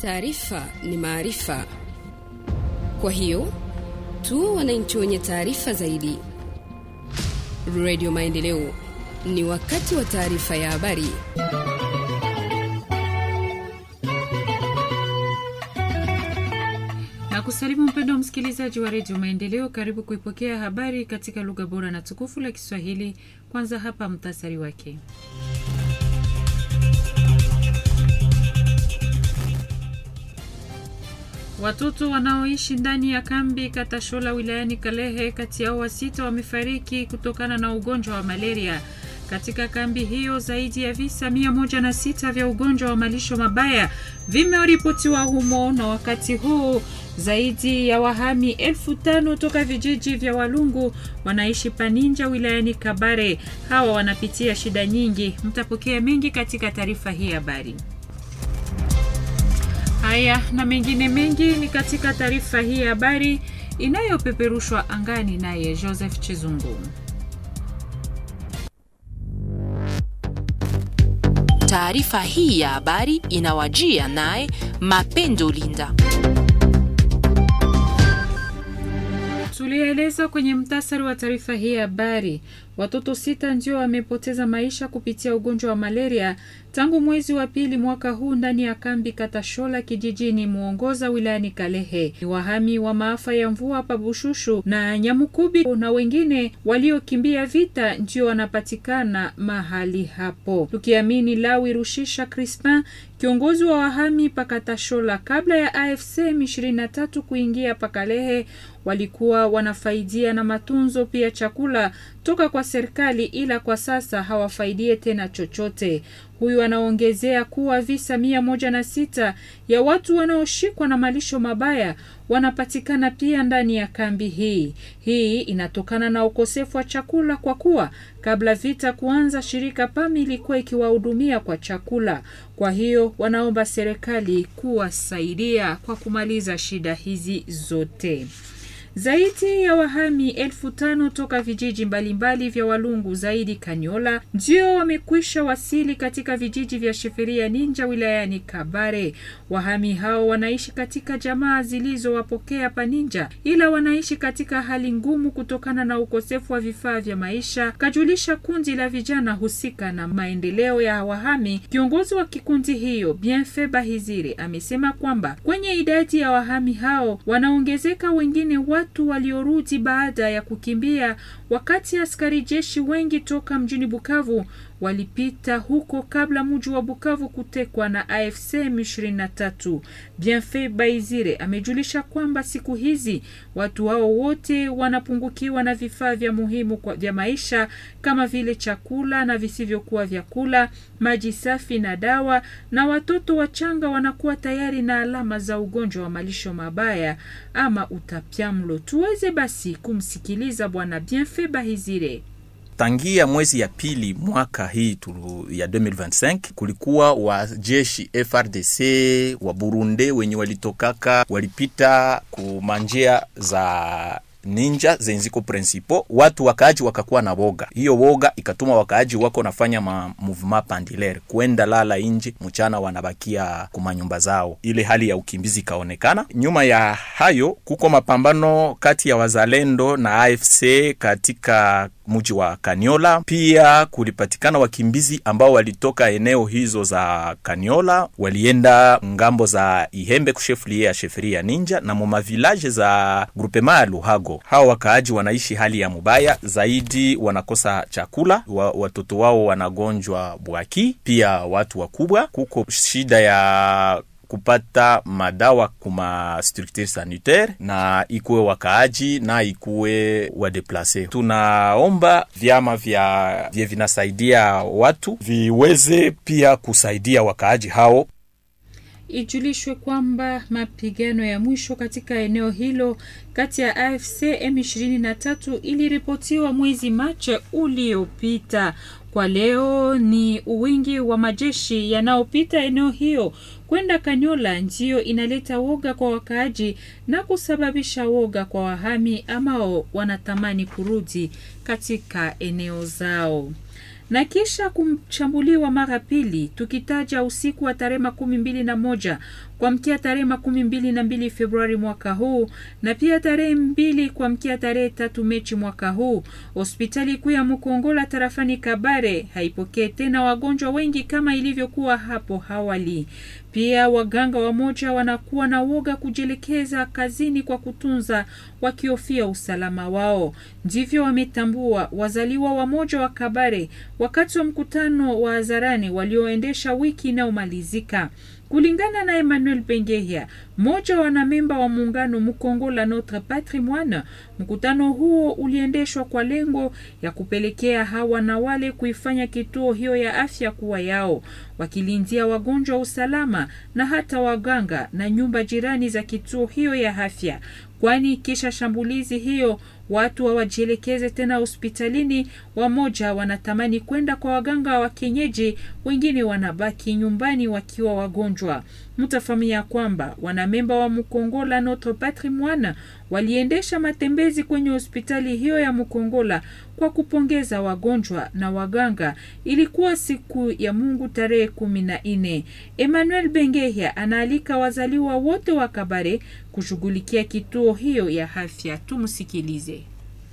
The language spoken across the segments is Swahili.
Taarifa ni maarifa, kwa hiyo tu wananchi wenye taarifa zaidi. Redio Maendeleo, ni wakati wa taarifa ya habari. Nakusalimu mpendo msikilizaji wa redio Maendeleo, karibu kuipokea habari katika lugha bora na tukufu la Kiswahili. Kwanza hapa mtasari wake. Watoto wanaoishi ndani ya kambi Katashola wilayani Kalehe, kati yao wasita wamefariki kutokana na ugonjwa wa malaria. Katika kambi hiyo zaidi ya visa mia moja na sita vya ugonjwa wa malisho mabaya vimeripotiwa humo, na wakati huu zaidi ya wahami elfu tano toka vijiji vya Walungu wanaishi Paninja wilayani Kabare. Hawa wanapitia shida nyingi. Mtapokea mengi katika taarifa hii habari. Haya na mengine mengi ni katika taarifa hii ya habari inayopeperushwa angani naye Joseph Chizungu. Taarifa hii ya habari inawajia naye Mapendo Linda. Tulieleza kwenye mtasari wa taarifa hii ya habari Watoto sita ndio wamepoteza maisha kupitia ugonjwa wa malaria tangu mwezi wa pili mwaka huu ndani ya kambi Katashola kijijini Muongoza wilayani Kalehe. Ni wahami wa maafa ya mvua Pabushushu na Nyamukubi na wengine waliokimbia vita ndio wanapatikana mahali hapo, tukiamini Lawi Rushisha Crispin, kiongozi wa wahami Pakatashola. Kabla ya AFC M23 kuingia Pakalehe, walikuwa wanafaidia na matunzo pia chakula toka kwa serikali, ila kwa sasa hawafaidie tena chochote. Huyu anaongezea kuwa visa mia moja na sita ya watu wanaoshikwa na malisho mabaya wanapatikana pia ndani ya kambi hii. Hii inatokana na ukosefu wa chakula, kwa kuwa kabla vita kuanza, shirika PAMI ilikuwa ikiwahudumia kwa chakula. Kwa hiyo wanaomba serikali kuwasaidia kwa kumaliza shida hizi zote. Zaidi ya wahami elfu tano toka vijiji mbalimbali vya Walungu zaidi Kanyola ndio wamekwisha wasili katika vijiji vya Sheferia Ninja wilayani Kabare. Wahami hao wanaishi katika jamaa zilizowapokea Paninja, ila wanaishi katika hali ngumu kutokana na ukosefu wa vifaa vya maisha, kajulisha kundi la vijana husika na maendeleo ya wahami. Kiongozi wa kikundi hiyo Bienfe Bahizire amesema kwamba kwenye idadi ya wahami hao wanaongezeka wengine wa watu waliorudi baada ya kukimbia, wakati askari jeshi wengi toka mjini Bukavu walipita huko kabla mji wa Bukavu kutekwa na AFC M23. Bienfait Baizire amejulisha kwamba siku hizi watu hao wote wanapungukiwa na vifaa vya muhimu kwa vya maisha kama vile chakula na visivyokuwa vyakula, maji safi na dawa, na watoto wachanga wanakuwa tayari na alama za ugonjwa wa malisho mabaya ama utapiamlo. Tuweze basi kumsikiliza Bwana Bienfait Baizire tangia mwezi ya pili mwaka hii tulu ya 2025 kulikuwa wa jeshi FRDC wa Burundi wenye walitokaka walipita kumanjia za ninja zenziko principal watu wakaaji wakakuwa na woga. Hiyo woga ikatuma wakaaji wako nafanya ma mouvement pandilaire kwenda lala nje, mchana wanabakia kumanyumba zao. Ile hali ya ukimbizi ikaonekana. Nyuma ya hayo kuko mapambano kati ya wazalendo na AFC katika mji wa Kaniola. Pia kulipatikana wakimbizi ambao walitoka eneo hizo za Kaniola, walienda ngambo za Ihembe kushefulia ya Ninja na moma za grupema ya Luhago. Hawa wakaaji wanaishi hali ya mubaya zaidi, wanakosa chakula wa, watoto wao wanagonjwa bwaki, pia watu wakubwa, kuko shida ya kupata madawa kuma structure sanitaire na ikuwe wakaaji na ikuwe wadeplace Tunaomba vyama vya vye vinasaidia watu viweze pia kusaidia wakaaji hao. Ijulishwe kwamba mapigano ya mwisho katika eneo hilo kati ya AFC M23 iliripotiwa mwezi Machi uliopita. Kwa leo ni uwingi wa majeshi yanayopita eneo hiyo kwenda Kanyola, ndiyo inaleta woga kwa wakaaji na kusababisha woga kwa wahami ambao wanatamani kurudi katika eneo zao na kisha kumchambuliwa mara pili, tukitaja usiku wa tarehe makumi mbili na moja kuamkia tarehe makumi mbili na mbili Februari mwaka huu na pia tarehe mbili kuamkia tarehe tatu Mechi mwaka huu. Hospitali kuu ya Mkongola tarafani Kabare haipokee tena wagonjwa wengi kama ilivyokuwa hapo awali. Pia waganga wamoja wanakuwa na woga kujielekeza kazini kwa kutunza, wakihofia usalama wao. Ndivyo wametambua wazaliwa wamoja wa Kabare wakati wa mkutano wa hadharani walioendesha wiki inayomalizika. Kulingana na Emmanuel Pengehia, mmoja wa wanamemba wa muungano mkongo la Notre Patrimoine, mkutano huo uliendeshwa kwa lengo ya kupelekea hawa na wale kuifanya kituo hiyo ya afya kuwa yao, wakilinzia wagonjwa usalama na hata waganga na nyumba jirani za kituo hiyo ya afya, kwani kisha shambulizi hiyo watu hawajielekeze tena hospitalini. Wamoja wanatamani kwenda kwa waganga wa kienyeji, wengine wanabaki nyumbani wakiwa wagonjwa. Mtafahamia kwamba wanamemba wa Mukongola Notre Patrimoine waliendesha matembezi kwenye hospitali hiyo ya Mukongola kwa kupongeza wagonjwa na waganga. Ilikuwa siku ya Mungu tarehe kumi na nne. Emmanuel Bengehya anaalika wazaliwa wote wa Kabare kushughulikia kituo hiyo ya afya. Tumsikilize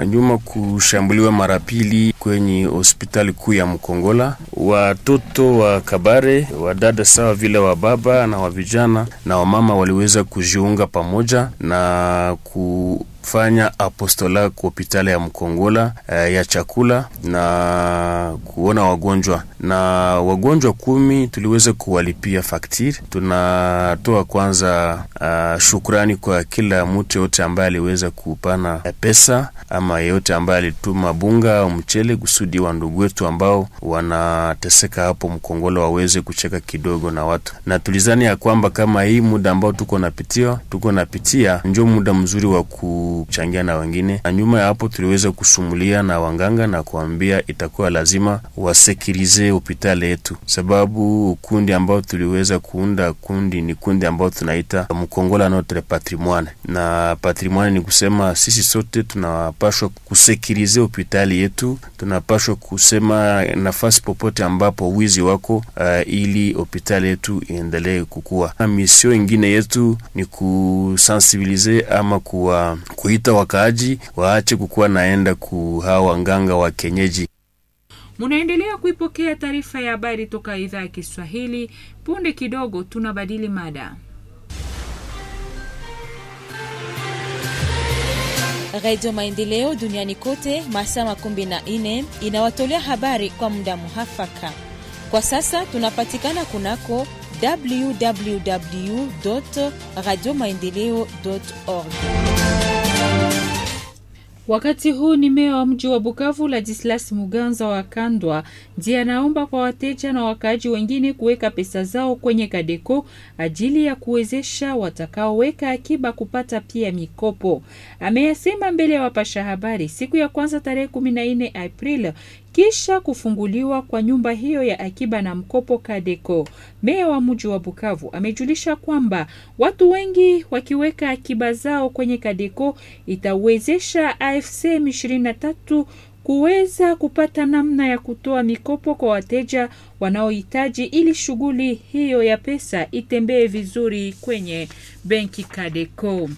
na nyuma kushambuliwa mara pili kwenye hospitali kuu ya Mkongola. Watoto wa Kabare, wadada sawa vile wa baba na wa vijana na wamama waliweza kujiunga pamoja na ku kufanya apostola kwa ya Mkongola eh, ya chakula na kuona wagonjwa, na wagonjwa kumi tuliweza kuwalipia faktiri. Tunatoa kwanza uh, shukrani kwa kila mtu yote ambaye aliweza kupana pesa ama yeyote ambaye alituma bunga au mchele kusudi wa ndugu wetu ambao wanateseka hapo Mkongola waweze kucheka kidogo na watu, na tulizani ya kwamba kama hii muda ambao tuko napitia tuko napitia njo muda mzuri wa ku kuchangia na wengine, na nyuma ya hapo tuliweza kusumulia na wanganga na kuambia itakuwa lazima wasekirize hospitali yetu, sababu kundi ambao tuliweza kuunda kundi ni kundi ambao tunaita Mkongola Notre Patrimoine, na patrimoine ni kusema sisi sote tunapashwa kusekirize hospitali yetu, tunapashwa kusema nafasi popote ambapo wizi wako, uh, ili hospitali yetu iendelee kukua. Na misio ingine yetu ni kusensibilize ama kuwa kuita wakaaji waache kukuwa naenda kuhaa wanganga wa kenyeji Munaendelea kuipokea taarifa ya habari toka idhaa ya Kiswahili. Punde kidogo tunabadili mada. Radio Maendeleo duniani kote masaa makumi na nne inawatolea habari kwa muda muhafaka. Kwa sasa tunapatikana kunako www radio maendeleo org Wakati huu ni meya wa mji wa Bukavu Ladislas Muganza wa Kandwa ndiye anaomba kwa wateja na wakaaji wengine kuweka pesa zao kwenye Kadeko ajili ya kuwezesha watakaoweka akiba kupata pia mikopo. Ameyasema mbele ya wapasha habari siku ya kwanza tarehe 14 Aprili kisha kufunguliwa kwa nyumba hiyo ya akiba na mkopo Kadeko. Meya wa mji wa Bukavu amejulisha kwamba watu wengi wakiweka akiba zao kwenye Kadeko itawezesha AFC M23 kuweza kupata namna ya kutoa mikopo kwa wateja wanaohitaji ili shughuli hiyo ya pesa itembee vizuri kwenye benki Kadeco.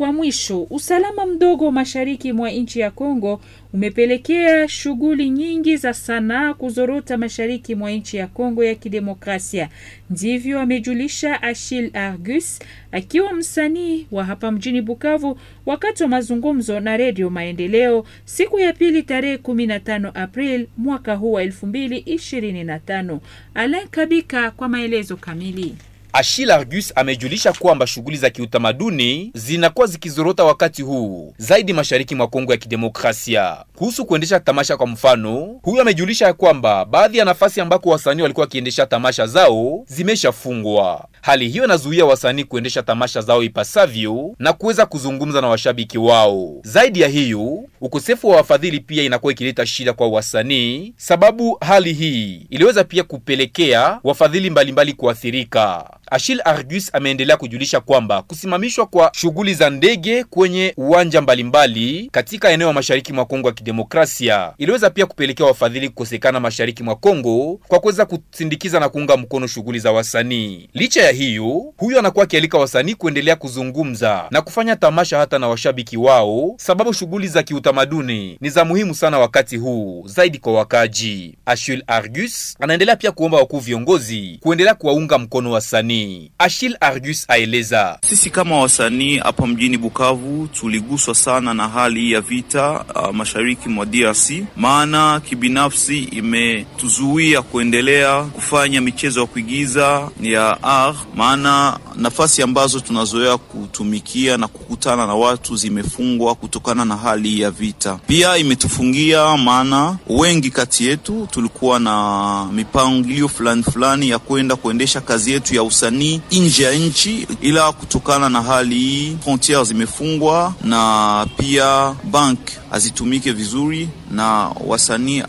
Kwa mwisho, usalama mdogo mashariki mwa nchi ya Kongo umepelekea shughuli nyingi za sanaa kuzorota mashariki mwa nchi ya Kongo ya Kidemokrasia. Ndivyo amejulisha Ashil Argus akiwa msanii wa hapa mjini Bukavu wakati wa mazungumzo na Redio Maendeleo siku ya pili tarehe 15 April mwaka huu wa 2025. Alain Kabika kwa maelezo kamili. Achille Argus amejulisha kwamba shughuli za kiutamaduni zinakuwa zikizorota wakati huu zaidi mashariki mwa Kongo ya Kidemokrasia. Kuhusu kuendesha tamasha kwa mfano, huyu amejulisha ya kwamba baadhi ya nafasi ambako wasanii walikuwa wakiendesha tamasha zao zimeshafungwa. Hali hiyo inazuia wasanii kuendesha tamasha zao ipasavyo na kuweza kuzungumza na washabiki wao. Zaidi ya hiyo, ukosefu wa wafadhili pia inakuwa ikileta shida kwa wasanii, sababu hali hii iliweza pia kupelekea wafadhili mbalimbali kuathirika. Ashil Argus ameendelea kujulisha kwamba kusimamishwa kwa shughuli za ndege kwenye uwanja mbalimbali katika eneo la mashariki mwa Kongo ya Demokrasia. Iliweza pia kupelekea wafadhili kukosekana mashariki mwa Kongo kwa kuweza kusindikiza na kuunga mkono shughuli za wasanii. Licha ya hiyo, huyu anakuwa akialika wasanii kuendelea kuzungumza na kufanya tamasha hata na washabiki wao, sababu shughuli za kiutamaduni ni za muhimu sana wakati huu zaidi kwa wakaji. Ashil Argus anaendelea pia kuomba wakuu viongozi kuendelea kuwaunga mkono wasanii. Ashil Argus aeleza: sisi kama wasanii hapa mjini Bukavu tuliguswa sana na hali ya vita uh, mashariki mashariki mwa DRC, maana kibinafsi imetuzuia kuendelea kufanya michezo ya kuigiza ya r maana nafasi ambazo tunazoea kutumikia na kukutana na watu zimefungwa kutokana na hali ya vita. Pia imetufungia maana wengi kati yetu tulikuwa na mipangilio fulani fulani ya kwenda kuendesha kazi yetu ya usanii nje ya nchi, ila kutokana na hali hii frontiere zimefungwa na pia bank hazitumike vizuri na wasanii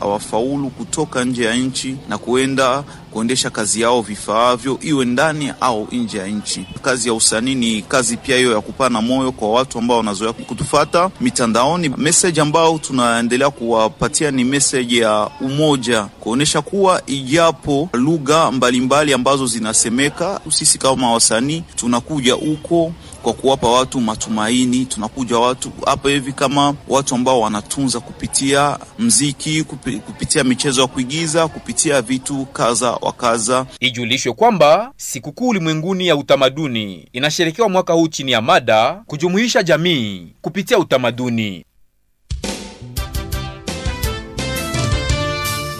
hawafaulu kutoka nje ya nchi na kuenda kuendesha kazi yao vifaavyo, iwe ndani au nje ya nchi. Kazi ya usanii ni kazi pia hiyo ya kupana moyo kwa watu ambao wanazoea kutufata mitandaoni. Message ambao tunaendelea kuwapatia ni message ya umoja, kuonyesha kuwa ijapo lugha mbalimbali ambazo zinasemeka, sisi kama wasanii tunakuja huko kwa kuwapa watu matumaini. Tunakuja watu hapa hivi kama watu ambao wanatunza kupitia mziki, kupitia michezo ya kuigiza, kupitia vitu kaza wa kaza Ijulishwe kwamba sikukuu ulimwenguni ya utamaduni inasherekewa mwaka huu chini ya mada kujumuisha jamii kupitia utamaduni.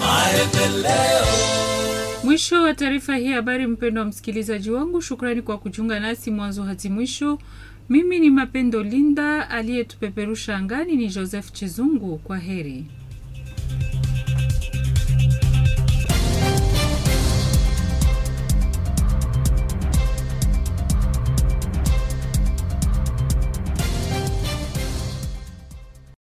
Maendeleo. Mwisho wa taarifa hii habari, mpendo wa msikilizaji wangu, shukrani kwa kujiunga nasi mwanzo hadi mwisho. Mimi ni Mapendo Linda, aliyetupeperusha angani ni Joseph Chizungu. Kwa heri.